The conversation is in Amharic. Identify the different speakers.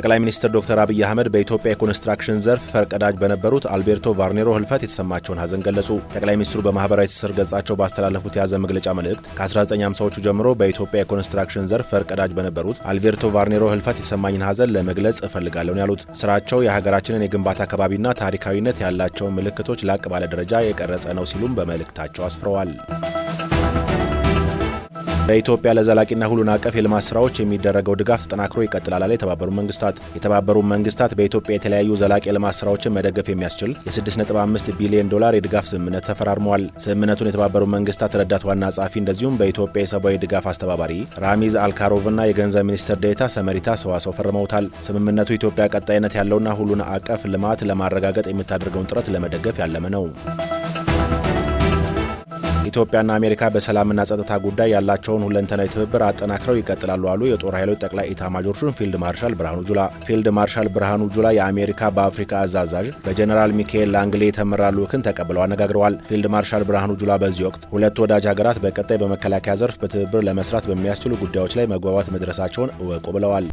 Speaker 1: ጠቅላይ ሚኒስትር ዶክተር አብይ አህመድ በኢትዮጵያ የኮንስትራክሽን ዘርፍ ፈርቀዳጅ በነበሩት አልቤርቶ ቫርኔሮ ህልፈት የተሰማቸውን ሀዘን ገለጹ። ጠቅላይ ሚኒስትሩ በማህበራዊ ትስስር ገጻቸው ባስተላለፉት የያዘ መግለጫ መልእክት ከ1950ዎቹ ጀምሮ በኢትዮጵያ የኮንስትራክሽን ዘርፍ ፈርቀዳጅ በነበሩት አልቤርቶ ቫርኔሮ ህልፈት የተሰማኝን ሀዘን ለመግለጽ እፈልጋለሁን ያሉት ስራቸው የሀገራችንን የግንባታ አካባቢና ታሪካዊነት ያላቸውን ምልክቶች ላቅ ባለ ደረጃ የቀረጸ ነው ሲሉም በመልእክታቸው አስፍረዋል።
Speaker 2: በኢትዮጵያ ለዘላቂና ሁሉን አቀፍ የልማት ስራዎች የሚደረገው ድጋፍ ተጠናክሮ ይቀጥላል አለ የተባበሩ መንግስታት። የተባበሩ መንግስታት በኢትዮጵያ የተለያዩ ዘላቂ የልማት ስራዎችን መደገፍ የሚያስችል የ6.5 ቢሊዮን ዶላር የድጋፍ ስምምነት ተፈራርመዋል። ስምምነቱን የተባበሩ መንግስታት ረዳት ዋና ጸሐፊ እንደዚሁም በኢትዮጵያ የሰብአዊ ድጋፍ አስተባባሪ ራሚዝ አልካሮቭና የገንዘብ ሚኒስትር ዴታ ሰመሪታ ሰዋሰው ፈርመውታል። ስምምነቱ ኢትዮጵያ ቀጣይነት ያለውና ሁሉን አቀፍ ልማት ለማረጋገጥ የምታደርገውን ጥረት ለመደገፍ ያለመ ነው። ኢትዮጵያና አሜሪካ በሰላምና ጸጥታ ጉዳይ ያላቸውን ሁለንተናዊ ትብብር አጠናክረው ይቀጥላሉ አሉ የጦር ኃይሎች ጠቅላይ ኢታማዦር ሹም ፊልድ ማርሻል ብርሃኑ ጁላ። ፊልድ ማርሻል ብርሃኑ ጁላ የአሜሪካ በአፍሪካ አዛዛዥ በጀኔራል ሚካኤል ላንግሌ የተመራ ልዑክን ተቀብለው አነጋግረዋል። ፊልድ ማርሻል ብርሃኑ ጁላ በዚህ ወቅት ሁለቱ ወዳጅ ሀገራት በቀጣይ በመከላከያ ዘርፍ በትብብር ለመስራት በሚያስችሉ ጉዳዮች ላይ መግባባት መድረሳቸውን እወቁ ብለዋል።